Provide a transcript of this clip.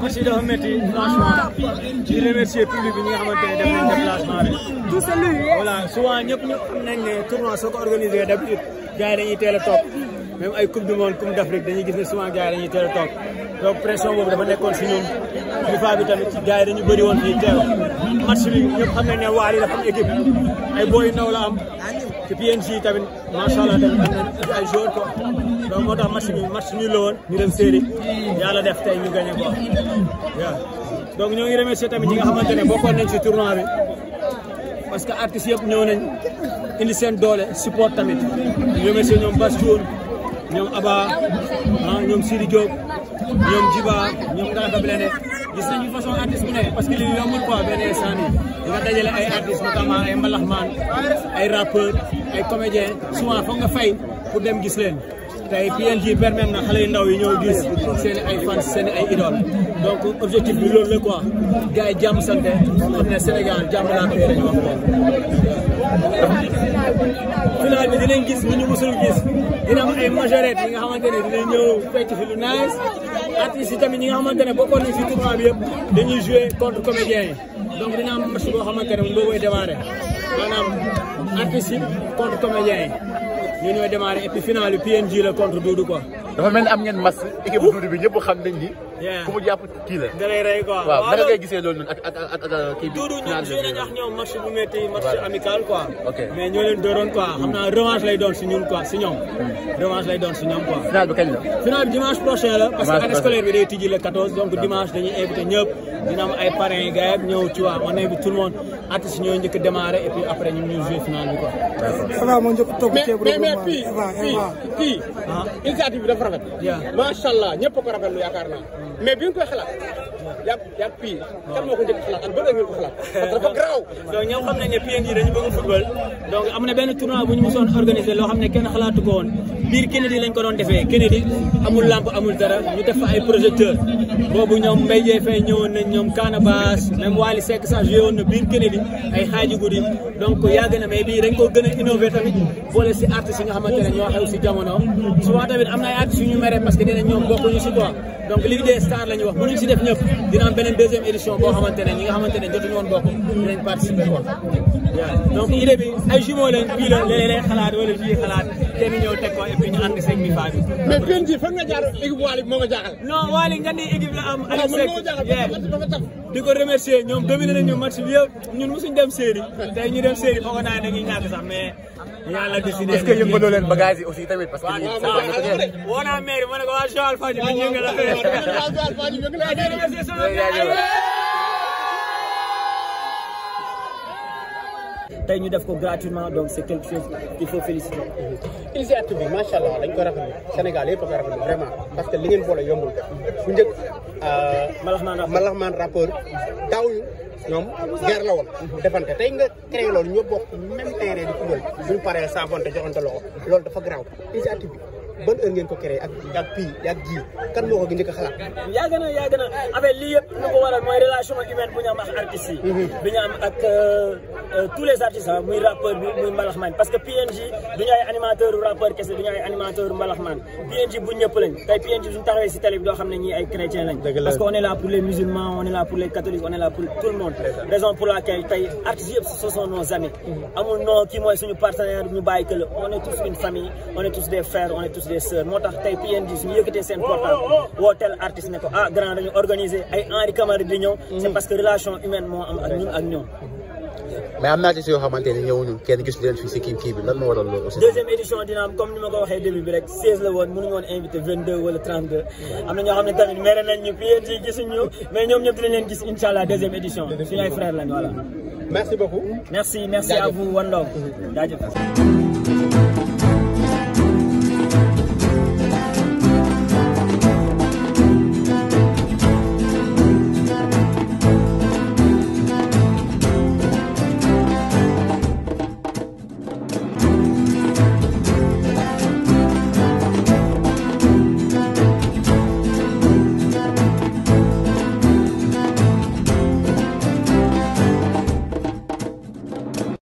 aussi dafa métti franchement di remercier public bi ñu nga xamante ne def nañ déplacement bi. tout voilà souvent ñëpp ñu ne tournoi soo ko organisé d'habitude gars yi dañuy teel a ay coupe du monde coupe d'Afrique dañuy gis ne souvent gars yi dañuy teel a pression boobu dafa nekkoon si ñun FIFA bi tamit gars yi dañu bëri woon fii teew match bi ñëpp xam nañ ne waa dafa am ay boy yu ndaw la ci PNG tamit macha allah tamit ay joueurs to donc moo tax match bi match ñu la woon ñu dem série yàlla def tey ñu gagné quoi donc ñoo ngi remercier tamit ñi nga xamante ne bokkoon nañ ci tournoi bi parce que artistes yëpp ñëw nañ indi seen doole support tamit ñu remercier ñoom Bass Thioune ñoom Aba ah ñoom Sidi Diop. ñoom Jiba ñoom Ngaka Blindé gis nañu façon artiste bu parce que lii yombul quoi benn instant nii nga dajale ay artistes notamment ay mbalaxmaan ay rappeurs ay comédiens souvent foog nga fay pour dem gis leen. tey PNJ permettre na xale yu ndaw yi ñëw gis seen ay fans seen ay idole donc objectif bi loolu la quoi gars yi jàmm sant Sénégal jàmm laa koy ñu mësul gis dina am ay majorette yi nga xamante ne ñëw fecc nice. artistes yi tamit ñi nga xamante ne bokkoon nañ si tournoi bi yëpp dañuy contre comédiens yi donc dañu am match boo xamante ne boo koy démarrer maanaam artistes yi contre comédiens yi ñu ñooy démarrer et puis final bi PNG la contre Doudou quoi. dafa mel ni am ngeen mas équipe bu tuuti bi ñëpp xam nañ ni. mu jàpp kii la. da lay rey loolu noonu ak ak ak ak kii bi. naan la ñu wax ñoom match bu métti match amical quoi. ok mais ñoo hmm. lay doon si ñun quoi si ñoom. Hmm. revanche doon si ñoom quoi. final bi dimanche prochain parce que année scolaire bi day tijji donc dimanche dañuy ñëpp. dina ay parrains yi gars ñëw ci waa on invite tout le monde artistes ñooy njëkk a démarrer et après ñun ñu joué bi quoi. d'accord rafet. macha allah ñëpp a ko rafetlu yaakaar naa. Mm. mais bi nga koy xalaat. yàgg yàgg pii. kan moo ko njëkk xalaat ak bëgg ngeen ko xalaat. parce que dafa garaaw. donc ñoom xam nañ ne pii yi dañu bëgg football. donc am na benn tournoi bu ñu mosoon organisé loo xam ne kenn xalaatu ko woon biir Kennedy lañ ko doon defee Kennedy amul lampe amul dara ñu def fa ay projecteurs. boobu ñoom Mbaye Dieye ñoom Canabaas même Wally Seck sax joué woon ay xaaji guddi donc yàgg na mais bii dañ ko gën innové tamit boole si artistes yi nga xamante ne ñoo xew si jamono souvent tamit am na ay ñu mere parce que dinañ ñoom bokkuñu si quoi donc Ligue des Stars wax bu ñu si def ñëpp dina beneen deuxième édition boo xamante ne nga xamante ne jotuñu woon bokk dinañ participer quoi waaw donc idée bi ay jumeaux leen fii la léeg-léeg kenn ñëw teg ko et puis ñu ànd seeg bi faa bi. mais PNJ fan nga jaar équipe Waly moo nga jaaxal. non Waly nga ni équipe la am. Aliou Seck di ko remercier ñoom dominé nañu match bi yëpp ñun mosuñ dem série tey ñu dem série foog naa dañuy ñàkk sax mais. yàlla décidé est-ce que yëngaloo leen bagages yi aussi tamit parce que. waaw waaw woo naa maire ma ne ko waa Joal Fadiouth ñu ngi la. tey ñu def ko gratuitement donc c' est quelque chose qu' il faut féliciter. allah dañ ko rafetlu Sénégal yëpp a ko rafetlu vraiment parce que li ngeen boole yombul bu njëkk. Euh, Malax Man rappeur daawuñu ñoom guerre la woon. defante tey nga créé loolu ñoo bokk même terrain di football buñ paree saabonte joxante loxo loolu dafa garaaw initiative bi. ban heure ko créé ak ak pii ak kan moo ko gën njëkk a xalaat. yàgg na yàgg na avec lii yëpp lu ko waral mooy relation humaine bu ñu ak artistes mhm. bi ñu ak euh, Euh, tous les artistes muy rappeur bi muy mbalaxmaan parce que PNJ du animateur rappeur kese du animateur mbalaxmaan PNJ bu ñëpp lañ tey PNJ suñu taxawee si télé bi xam ne ñii ay chrétien lañ parce que on est pour les musulmans on est pour les catholiques on est pour tout le monde raison pour laquelle tey artistes yëpp ce sont nos amis mm-hmm. amul non kii mooy suñu partenaire ñu bàyyi kële on est tous une famille on tous des frères on tous des sœurs moo mais am na artistes yoo xamante ne ñëwuñu kenn gis leen fii si kii kii bi lan moo waral loolu aussi. deuxième édition dina am comme ni ma ko waxee début bi rek 16 la woon mënuñu woon invité 22 wala 32 am na ñoo xam ne tamit mere nañ ñu PNJ gisuñu mais ñoom ñëpp dinañ leen gis incha deuxième édition suñu ay frères lañ voilà. merci beaucoup. merci merci à vous One Love. Mm-hmm. jaajëf.